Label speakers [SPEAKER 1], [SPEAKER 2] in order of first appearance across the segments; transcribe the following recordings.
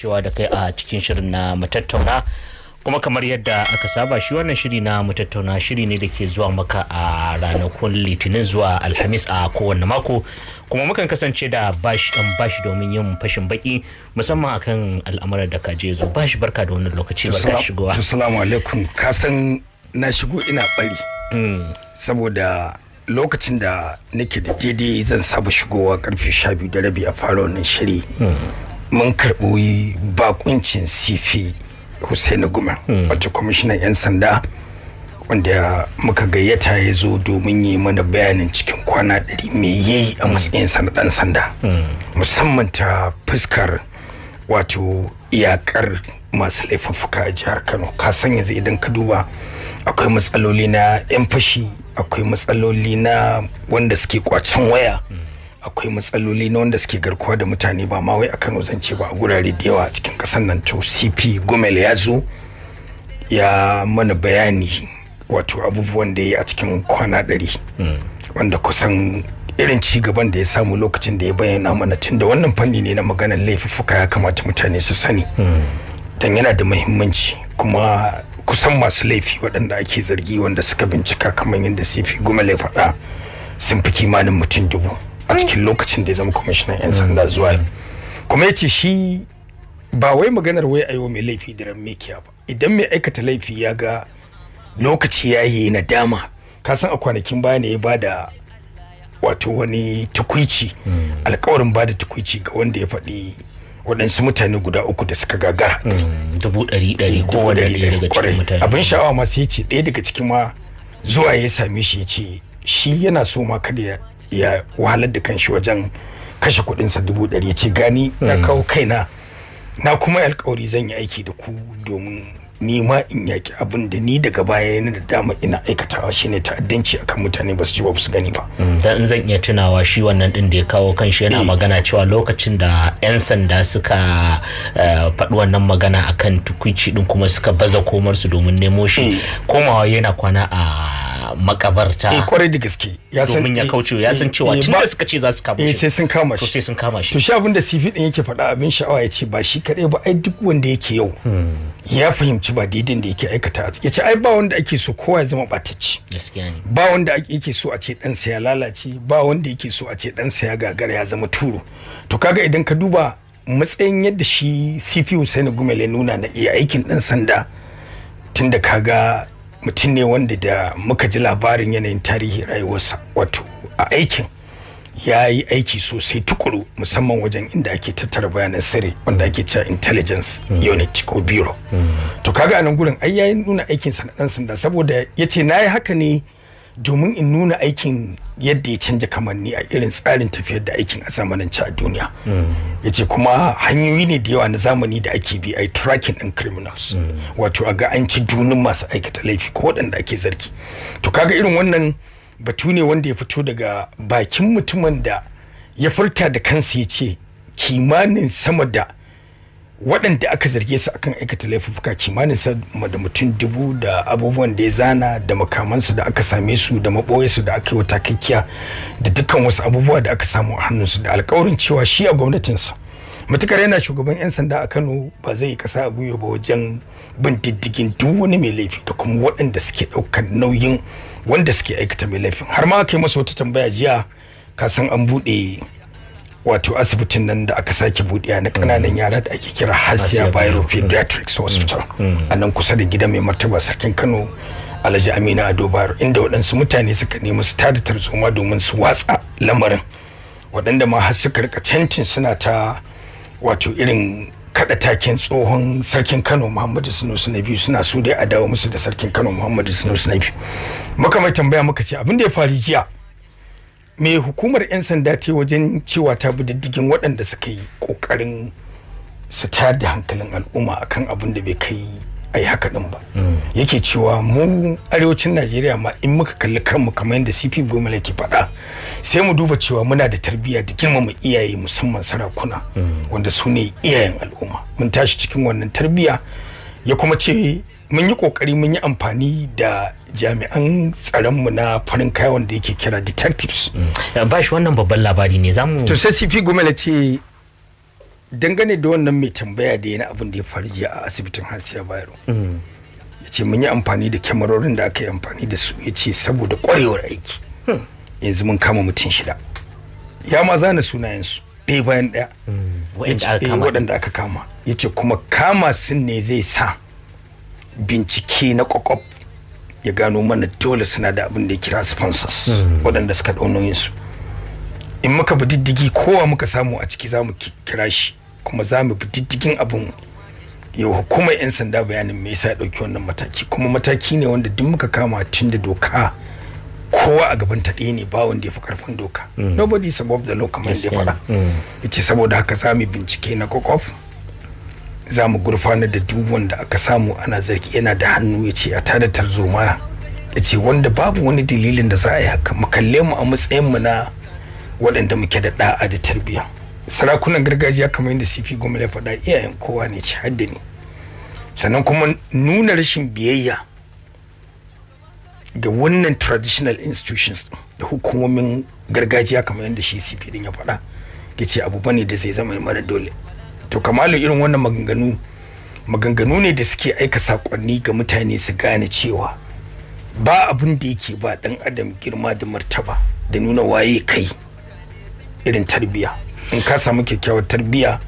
[SPEAKER 1] cewa da kai a cikin shirin na matattauna kuma kamar yadda aka saba shi wannan shiri na matattauna shiri ne da ke zuwa maka a ranakun litinin zuwa alhamis a kowane mako kuma mukan kasance da bashi dan bashi domin yin fashin baki musamman akan
[SPEAKER 2] al'amuran da ka je zo bashi barka da wannan lokaci barka shigowa assalamu alaikum ka san na shigo ina bari mm. saboda lokacin da nake da daidai zan saba shigowa karfe 12 da rabi a fara wannan shiri mm. mun karɓi bakuncin cp hussaini guma hmm. Wato kwamishinan 'yan sanda wanda muka gayyata ya zo domin yi mana bayanin cikin kwana ɗari mai yi a hmm. matsayin ɗan sanda hmm. musamman ta fuskar wato iyakar masu laifuffuka a jihar kano ka san yanzu idan ka duba akwai matsaloli na 'yan fashi akwai matsaloli na wanda suke kwacin waya mm. akwai matsaloli na wanda suke garkuwa da mutane ba ma wai a kano ce ba a gurare da yawa a cikin kasar nan to cp gomel ya zo ya mana bayani wato abubuwan da ya yi a cikin kwana ɗari hmm. wanda kusan irin ci gaban da ya samu lokacin da ya bayyana mana tun da wannan fanni ne na maganar laifuffuka ya kamata mutane su sani hmm. don yana da muhimmanci kuma kusan masu laifi waɗanda ake zargi wanda suka bincika kamar yadda cp ya faɗa sun fi kimanin mutum dubu a cikin lokacin da ya zama kwamishinan 'yan sanda zuwa kuma ya ce shi ba wai maganar wai a mai laifi da mekiya ba idan mai aikata laifi ya ga lokaci ya yi na dama ka san a kwanakin baya ne ya ba da wato wani tukwici hmm. alkawarin ba da tukwici ga wanda ya faɗi waɗansu mutane guda uku da suka gagara hmm. dubu ɗari ɗari ko ɗari daga cikin mutane abin sha'awa ma sai ce ɗaya daga cikin ma zuwa ya same shi ya ce shi yana so ma kada ya wahalar da kanshi wajen kashe sa dubu ɗari ya ce gani na hmm. kawo kaina na kuma alkawari zan yi aiki da ku domin ni ma in yaki abin da ni daga baya yana da dama ina aikatawa shine ta'addanci akan mutane ba su ji ba su gani ba. Hmm, dan in zan iya tunawa
[SPEAKER 1] shi wannan din da ya kawo kanshi yana eh. magana cewa lokacin da 'yan sanda suka eh, faɗi wannan magana akan tukuici din kuma suka baza komarsu domin nemo shi eh. komawa yana kwana a makabarta eh kwarai da gaske ya san domin ya eh, kauce ya san eh, cewa eh, tun da suka ce za su kama shi sai sun kama shi to sai sun kama shi to
[SPEAKER 2] shi abin da CV din yake faɗa abin sha'awa yace ba shi kadai ba ai duk wanda yake yau hmm. ya fahimci ba daidai da yake aikata yace ai ba wanda ake so kowa ya zama batacci. ne ba wanda yake so a ce sa ya lalace ba wanda yake so a ce dan sa ya gagara ya zama turu to kaga idan ka duba matsayin yadda shi cp hussein gumel ya nuna na iya aikin dan sanda tunda kaga mutum ne wanda da muka ji labarin yanayin tarihi rayuwarsa wato a aikin ya yi aiki sosai tukuru musamman wajen inda ake tattara bayanan sirri wanda ake cewa intelligence hmm. unit ko bureau hmm. to kaga a nan gurin ai yayin nuna aikin sa na sanda saboda yace yi haka ne domin in nuna aikin yadda ya canja kamanni a irin tsarin tafiyar da aikin a zamanance a duniya mm. ya ce kuma hanyoyi ne da yawa na zamani da ake bi a tracking ɗin criminals mm. wato a ga an ci dunin masu aikata laifi ko waɗanda ake zargi to kaga irin wannan batu ne wanda ya fito daga bakin mutumin da ya furta da kansa ya ce kimanin sama da waɗanda aka zarge su akan aikata laifuka kimanin sa da mutum dubu da abubuwan da ya zana da makamansu da aka same su da maɓoyesu da aka yi wata kakkiya da dukkan wasu abubuwa da aka samu a hannunsu da alkawarin cewa shi a gwamnatinsa matukar yana shugaban 'yan sanda a kano ba zai yi kasa a gwiwa ba wajen bin diddigin duk wani mai laifi da kuma waɗanda suke ɗaukar nauyin wanda suke aikata mai laifin har ma aka yi masa wata tambaya jiya kasan an buɗe wato asibitin nan da aka sake buɗe na kananan mm. yara da ake kira hasiya bayero pediatrics mm. hospital mm. a nan kusa da gida mai martaba sarkin kano alhaji amina ado bayero inda waɗansu mutane suka nemi su tada tarzoma domin su watsa lamarin waɗanda ma har suka rika cancin suna ta wato irin kaɗa takin tsohon sarkin kano muhammadu sunusu na biyu suna so dai a dawo musu da sarkin kano muhammadu sunusu na biyu muka mai tambaya muka ce abin da ya faru jiya me hukumar 'yan sanda ta wajen cewa ta bi diddigin waɗanda suka yi ƙoƙarin su tayar da hankalin al'umma akan abin da bai kai a yi haka ɗin ba mm. yake cewa mu arewacin najeriya ma in muka kalli kanmu kamar yadda cp goma ke faɗa sai mu duba cewa muna da tarbiyya da girmama iyaye musamman sarakuna mm. wanda su ne iyayen al'umma mun tashi cikin wannan tarbiyya ya kuma ce mun yi kokari mun yi amfani da jami'an tsaron mu na farin kaya wanda yake kira detectives mm. ba shi wannan babban labari ne zamu to sai cp gomela ce dangane da wannan mai tambaya da yana abin da ya faru jiya a asibitin hasiya bayero mm. ya ce mun yi amfani da kyamarorin da aka yi amfani da su ya saboda kwarewar aiki hmm. yanzu mun kama mutum shida ya ma zana sunayensu ɗaya bayan ɗaya mm. waɗanda aka kama eh, yace kuma kama sun ne zai sa bincike na kwakwab ya gano mana dole suna da abin da ya kira sponsors hmm. waɗanda suka yin su in muka bi diddigi kowa muka samu a ciki zamu kira shi kuma za mu bi diddigin abin yau hukumar 'yan sanda bayanin me yasa ya ɗauki wannan mataki kuma mataki ne wanda duk muka kama tun da doka kowa a gaban ta ɗaya ne ba wanda ya fi karfin doka hmm. nobody is above the law kamar da ya faɗa hmm. yace saboda haka za mu bincike na kokof za mu gurfanar da duk wanda aka samu ana zargi yana da hannu ya ce a tada tarzoma ya ce wanda babu wani dalilin da za a yi haka mu kalle mu a matsayin mu na waɗanda muke da ɗa'a da tarbiyya sarakunan gargajiya kamar yadda cp goma ya faɗa iyayen kowa ne ci hadda ne sannan kuma nuna rashin biyayya ga wannan traditional institutions da hukumomin gargajiya kamar yadda shi cp din ya faɗa ya ce abu bane da zai zama mana dole to kamalu irin wannan maganganu maganganu ne da suke aika sakonni ga mutane su gane cewa ba abin da yake ba dan adam girma da martaba da nuna waye kai irin tarbiya in ka samu kyakkyawar tarbiya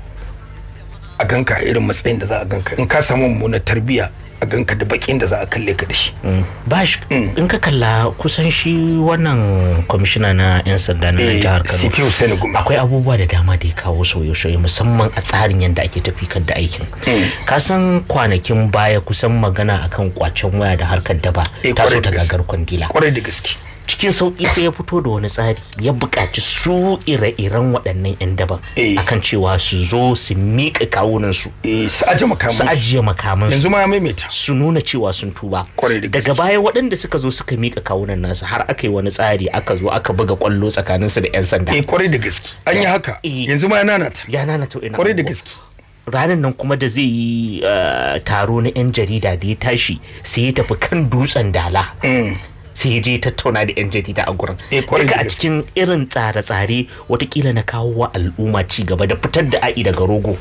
[SPEAKER 2] a ganka irin matsayin da za a ganka in ka samu mummunar tarbiya a ganka da bakin da za a kalle ka da shi mm.
[SPEAKER 1] ba shi mm. in ka kalla kusan shi wannan kwamishina na yan sanda na eh, jihar Kano akwai abubuwa da dama da ya kawo sauye-sauye musamman a tsarin yadda ake kan da aikin mm. ka san kwanakin baya kusan magana akan kwacen waya da harkar daba eh, ta so ta gagar kwandila kwarai da gaske cikin sauƙi sai ya fito da wani tsari ya buƙaci su ire-iren waɗannan 'yan daban eh. akan cewa su zo su miƙa kawunansu. su eh, su ajiye makaman yanzu ma maimaita su nuna cewa sun tuba daga baya waɗanda suka zo suka miƙa kawunan nasu har aka yi wani tsari aka zo aka buga ƙwallo tsakanin su da 'yan sanda eh, kwarai
[SPEAKER 2] da gaske an yi haka yanzu ma ya nanata ya nanata ina kwarai da gaske
[SPEAKER 1] ranar nan kuma da zai yi taro na 'yan jarida da ya tashi sai ya tafi kan dutsen dala mm. sai je tattauna da yan jarida a gurin eh, duka a cikin irin tsare-tsare watakila na kawo wa al'umma ci gaba da fitar da a'i daga rogo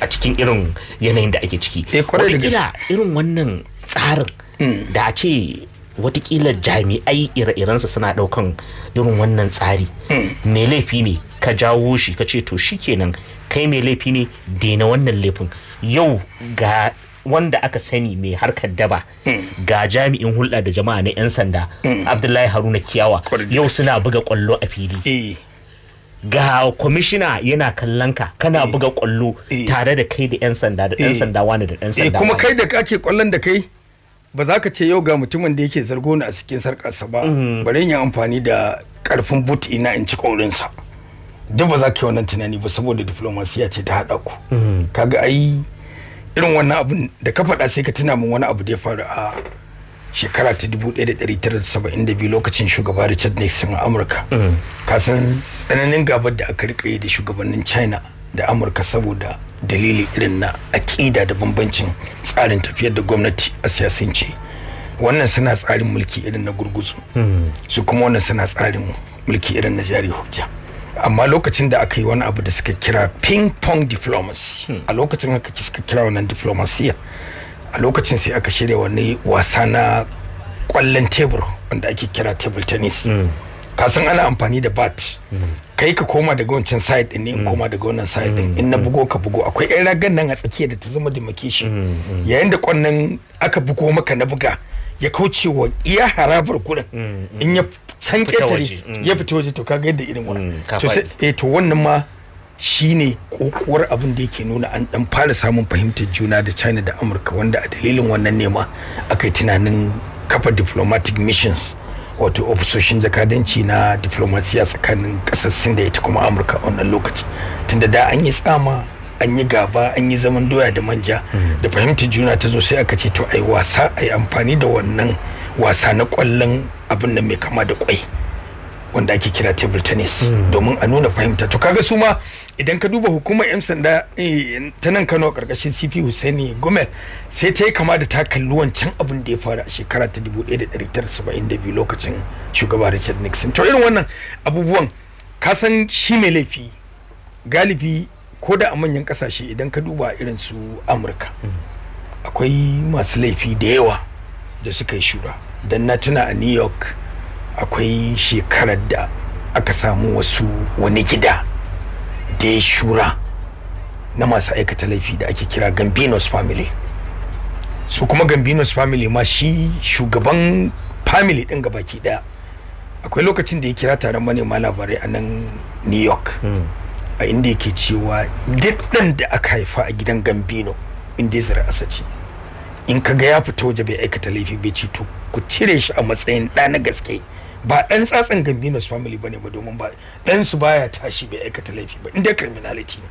[SPEAKER 1] a cikin irin yanayin da ake ciki eh, watakila irin wannan tsarin mm. da a ce watakila jami'ai ire-irensa suna ɗaukan irin wannan tsari mm. me laifi ne ka jawo shi ka ce to shi kenan kai mai laifi ne daina wannan laifin yau ga wanda aka sani mai harkar daba hmm. ga jami'in hulɗa da jama'a na 'yan sanda hmm. abdullahi haruna kiyawa yau suna buga kwallo a fili eh. ga kwamishina yana kallon ka kana eh. buga kwallo eh. tare da kai da 'yan sanda da 'yan sanda wani da 'yan sanda kuma kai
[SPEAKER 2] da ke kwallon da kai ba za ka ce yau ga mutumin da yake zargo ni a cikin sarkarsa ba hmm. bari yin amfani da karfin but ina in ci kaurinsa duk ba za ka yi wannan tunani ba saboda diplomasiya ce ta haɗa ku kaga ai irin wannan abun da ka faɗa sai ka tuna min wani abu da ya faru a shekara ta dubu ɗaya da da da tara saba'in ɗari biyu lokacin shugaba Richard Nixon a Amurka. Mm. ka san tsananin gabar da aka rika yi da shugabannin China da Amurka saboda dalili irin na aƙida da bambancin tsarin tafiyar da gwamnati a siyasance. Wannan suna tsarin mulki irin na gurguzu. Mm. Su kuma wannan suna tsarin mulki irin na jari hujja. amma lokacin da aka yi wani abu da suka kira ping pong diplomacy hmm. a lokacin haka suka kira wannan diplomasiya a lokacin sai aka shirya wani wasa na kwallon tebur wanda ake kira table tennis hmm. kasan ana amfani da bat hmm. kai ka koma daga wancan side din in koma daga wannan side din in na bugo ka bugo akwai yan ragan nan a tsakiya da ta zama da makishi yayin da kwannan aka bugo maka na buga ya kauce wa iya harabar gurin in ya san ketare mm. ya fita waje to kaga yadda irin wannan mm, to eh to wannan ma shine kokuwar abin da yake nuna an dan fara samun fahimtar juna da China da Amurka wanda a dalilin wannan ne ma akai tunanin kafa diplomatic missions wato ofisoshin jakadanci na diplomasiya tsakanin kasar Sin da ita kuma Amurka a wannan lokaci tunda da an yi tsama an yi gaba an yi zaman doya da manja mm. da fahimtar juna ta zo sai aka ce to ai wasa ai amfani da wannan wasa na kwallon abin nan mai kama da kwai wanda ake kira table tennis hmm. domin a nuna fahimta to kaga su ma idan ka duba hukumar yan sanda eh, ta nan Kano karkashin CP Hussaini Gumel sai ta yi kama da ta kalli wancan abin da ya faru a shekara ta 1972 lokacin shugaba Richard Nixon to irin wannan abubuwan ka san shi mai laifi galibi ko da a manyan kasashe idan ka duba irin su Amurka hmm. akwai masu laifi da yawa da suka yi shura don na tuna a new york akwai shekarar da aka samu wasu wani gida da ya shura na masu aikata laifi da ake kira gambinos family su kuma gambinos family ma shi shugaban family din gabaki daya akwai lokacin da ya kira taron manema labarai a nan new york hmm. a inda yake cewa duk da aka haifa a gidan gambino inda ya zira asaci in ka ga ya fita waje bai aikata laifi bai ci to ku cire shi a matsayin ɗa na gaske ba ɗan tsatsan gambino's family bane ba domin ba ɗan su baya tashi bai aikata laifi ba inda criminality ne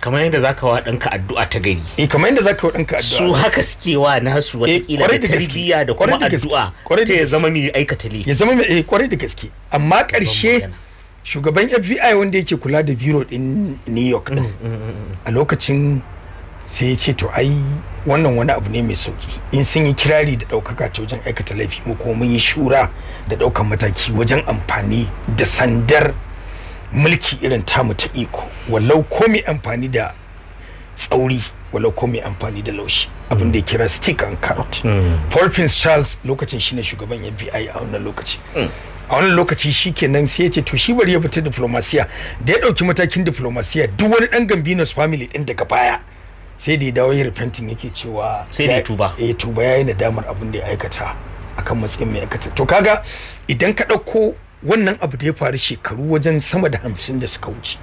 [SPEAKER 1] kamar yadda zaka wa ɗanka addu'a ta gari eh kamar yadda zaka wa ɗanka addu'a su haka
[SPEAKER 2] suke wa nasu kila eh, da tarbiyya da kuma addu'a ta ya zama mai aikata laifi ya zama mai eh kwarai da gaske amma ƙarshe shugaban FBI wanda yake kula da bureau din New York din mm, mm, mm, a lokacin sai ya ce to ai wannan wani abu ne mai sauki in sun yi kirari da ɗaukaka ta wajen aikata laifi mu ko mun yi shura da ɗaukan mataki wajen amfani da sandar mulki irin tamu ta iko wallau ko mai amfani da tsauri wallau ko mai amfani da laushi abin da ya kira stick and carrot mm. paul prince charles lokacin shine shugaban fbi a wannan lokaci mm. a wannan lokaci shi kenan sai ya ce to shi bari ya fita diplomasiya da ya ɗauki matakin diplomasiya duk wani ɗan gambinos family ɗin daga baya sai da ya dawo ya repentin yake cewa sai da tuba eh tuba ya yayi nadamar abin da ya aikata kan matsayin mai aikata to kaga idan ka ɗauko wannan abu da ya faru shekaru wajen sama da hamsin da suka wuce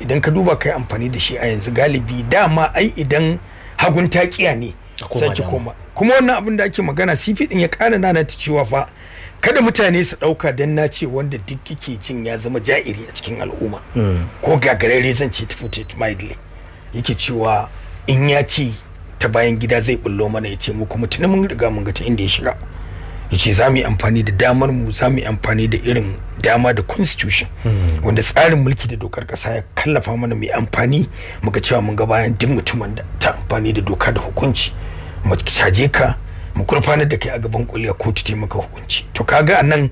[SPEAKER 2] idan ka duba kai amfani da shi a yanzu galibi dama ai idan hagun takiya ne sai koma kuma wannan abin da ake magana sifi din ya ƙara nana ta cewa fa kada mutane su ɗauka dan na ce wanda duk yake jin ya zama ja'iri a cikin al'umma mm. ko gagarare zan ce tafi yake cewa in ya ci ta bayan gida zai bullo mana ya ce mu kuma tuni mun riga mun ga ta inda ya shiga ya ce za mu yi amfani da damar mu za mu yi amfani da irin dama da constitution hmm. wanda tsarin mulki da dokar kasa ya kallafa mana mu yi amfani muka cewa mun ga bayan duk mutumin da ta amfani da doka da hukunci mu caje ka mu kurfanar da kai a gaban kuliya kotu taimaka hukunci to kaga a nan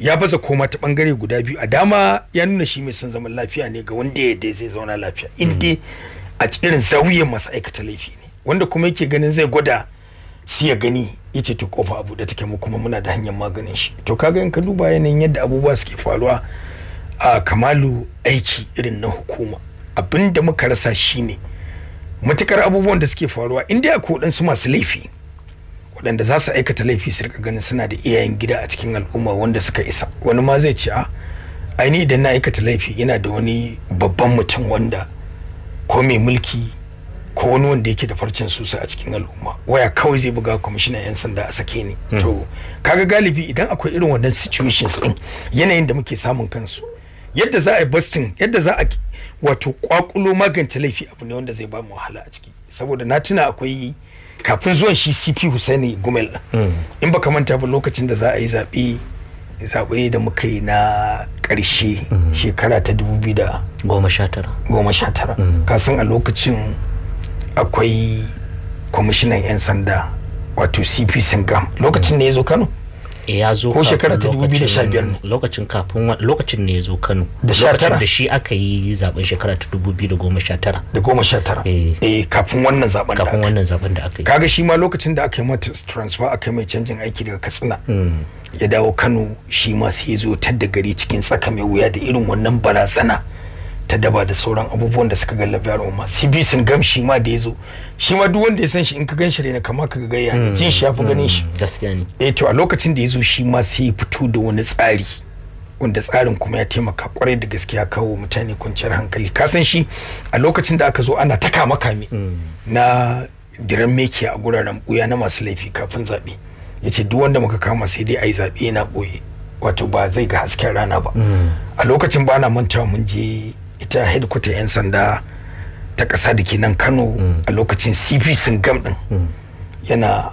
[SPEAKER 2] ya baza koma ta bangare guda biyu a dama ya nuna shi mai son zaman lafiya ne ga wanda ya zai zauna lafiya in dai a irin zawiyan masu aikata laifi ne wanda kuma yake ganin zai gwada su ya gani ya ce to kofa abu da take mu kuma muna da hanyar maganin shi to kaga in ka duba yanayin yadda abubuwa suke faruwa a kamalu aiki irin na hukuma abin da muka rasa shi ne matukar abubuwan da suke faruwa in dai akwai waɗansu masu laifi waɗanda za su aikata laifi su rika ganin suna da iyayen gida a cikin al'umma wanda suka isa wani ma zai ci a aini idan na aikata laifi yana da wani babban mutum wanda ko mai mulki ko wani wanda yake da farcin susa a cikin al'umma waya kawai zai buga kwamishinan 'yan sanda a sake ni hmm. to kaga galibi idan akwai irin wannan situations din yanayin da muke samun kansu yadda za a yi bustin yadda za a wato kwakulo magance laifi abu ne wanda zai ba mu wahala a ciki saboda na tuna akwai kafin zuwan shi cp husaini gumel hmm. in baka manta ba lokacin da za a yi zaɓe zaɓe da muka yi na ƙarshe mm. shekara ta 2019 mm. kasan a lokacin akwai kwamishinan 'yan sanda wato cp singam lokacin da mm. ya zo kano Eh, ya zo ko shekara ta 2015 ne
[SPEAKER 1] lokacin kafin lokacin ne ya zo Kano da lokacin da shi aka yi zaben shekara ta 2019
[SPEAKER 2] da 19 eh. eh kafin wannan zaben kafin wannan
[SPEAKER 1] zaben da aka yi kaga
[SPEAKER 2] shi ma lokacin da aka yi mata transfer aka mai canjin aiki daga Katsina hmm. ya dawo Kano shi ma sai ya zo tadda gari cikin tsaka mai wuya da irin wannan barazana ta daba da sauran abubuwan da suka gallabi al'umma cb sun gamshi ma da ya shi ma duk wanda ya san shi in ka gan shi kama ka ga ya hmm. jin shi ya fi ganin shi hmm. gaskiya ne eh to a lokacin da ya zo shi ma sai ya fito da wani tsari wanda tsarin kuma ya taimaka kwarai da gaskiya kawo mutane kwanciyar hankali ka san shi a lokacin da aka zo ana taka kama kame hmm. na diran meki a guraren buya na masu laifi kafin zaɓe yace duk wanda muka kama sai dai ayi zabe zaɓe yana boye wato ba zai ga hasken rana ba a lokacin ba na mantawa mun je ita headquarter 'yan sanda ta ƙasa da ke nan kano hmm. a lokacin cp sun gam ɗin hmm. yana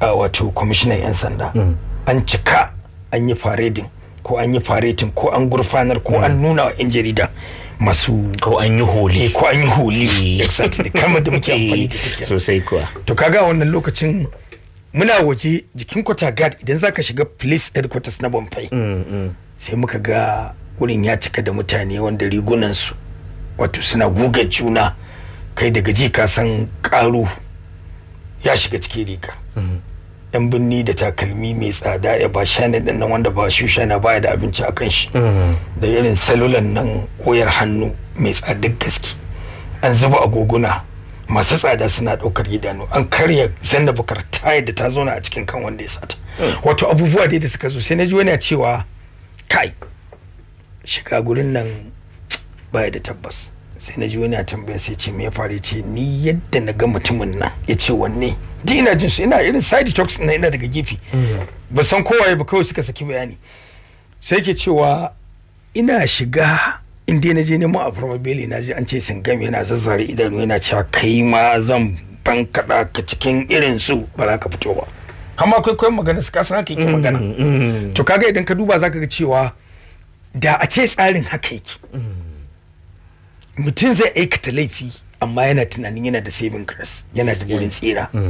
[SPEAKER 2] wato kwamishinan 'yan sanda hmm. an cika an yi faredin ko an yi faretin ko an gurfanar ko an nuna wa 'yan jarida masu ko an yi holi eh, ko an yi holi eh. exactly kama da muke eh, amfani da take sosai kuwa to kaga wannan lokacin muna waje jikin kwata guard idan zaka shiga police headquarters na Bombay sai muka ga wurin ya cika da mutane wanda rigunan su wato suna guga juna kai daga ji ka san ƙaru ya shiga cikin riga mm-hmm. yan binni da takalmi mai tsada ya ba shani din nan wanda ba shusha na baya da abinci a kan shi mm-hmm. da irin salulan nan koyar hannu mai tsadar gaske an zuba agoguna masu tsada suna daukar idanu an karya zanna bukar tayar da ta zauna a cikin kan wanda ya sata mm. wato abubuwa dai da suka zo sai na ji wani cewa kai shiga gurin nan baya da tabbas sai na ji wani a tambaya sai ce me ya faru ce ni yadda na ga mutumin nan ya ce wanne duk ina jin su ina irin side talks na ina daga gefe mm. ba san kowaye ba kawai suka saki bayani sai ke cewa ina shiga inda na je neman a beli na je an ce sun game yana zazzare idanu yana cewa kai ma zan ban ka cikin irin su ba za ka fito ba amma akwai kai magana su kasa haka yake mm, magana mm, to kaga idan ka duba zaka ga cewa da a ce tsarin haka yake mutum zai aikata laifi amma yana tunanin yana da saving grace yana da gurin tsira
[SPEAKER 1] mm,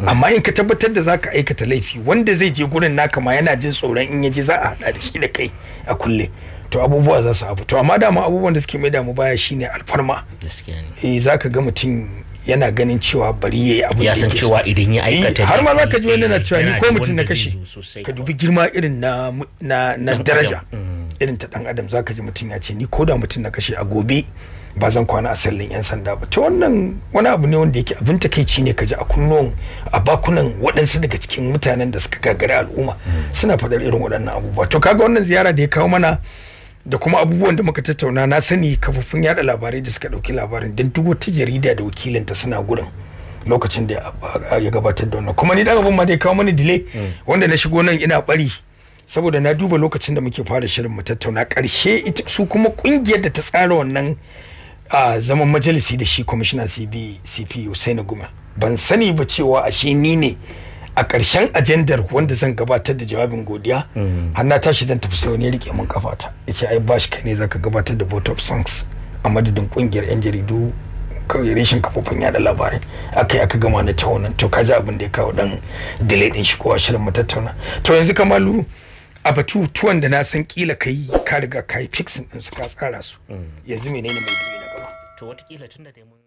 [SPEAKER 1] mm. amma in
[SPEAKER 2] ka tabbatar da zaka aikata laifi wanda zai je gurin naka ma yana jin tsoron in ya je za a hada da shi da kai a kulle to abubuwa za su abu to amma dama abubuwan da suke mai damu baya shine alfarma eh zaka ga mutum yana ganin cewa bari yayi abu ya san cewa idan ya eh, aikata har ma zaka ji wani yana cewa ni ko mutum na kashe ka dubi girma irin na na daraja mm. irin ta dan adam zaka ji mutum ya ce ni koda mutum na kashe a gobe ba zan kwana a sallin yan sanda ba to wannan wani abu ne wanda yake abin takaici ne kaji a kunnuwan a bakunan waɗansu daga cikin mutanen da suka gagari al'umma suna faɗar irin waɗannan abubuwa to kaga wannan ziyara da ya kawo mana da kuma abubuwan da muka tattauna na sani kafofin yada labarai da suka ɗauki labarin don duk wata jarida da wakilinta suna gurin lokacin da ya gabatar da wannan kuma ni dan abin ma da ya kawo mani delay mm. wanda na shigo nan ina bari saboda na duba lokacin da muke fara shirin mu tattauna karshe ita su kuma kungiyar da ta tsara wannan zaman majalisi da shi kwamishina cb cp usaini guma ban sani ba cewa shi ni ne a ƙarshen ajandar wanda zan gabatar da jawabin godiya mm-hmm. har na tashi zan tafi sau ne rike mun kafata ya ce ai bashi kai ne zaka gabatar da vote of songs a madadin kungiyar yan jaridu kawai reshen kafofin yada labarai aka yi aka gama na ta wannan to kaji abin da ya kawo dan delay din shi ko a shirin matattauna. to yanzu kamalu a batutuwan da na san kila ka yi ka riga ka yi fixing din su ka tsara su mm. yanzu menene mai na gaba
[SPEAKER 1] tun da dai mun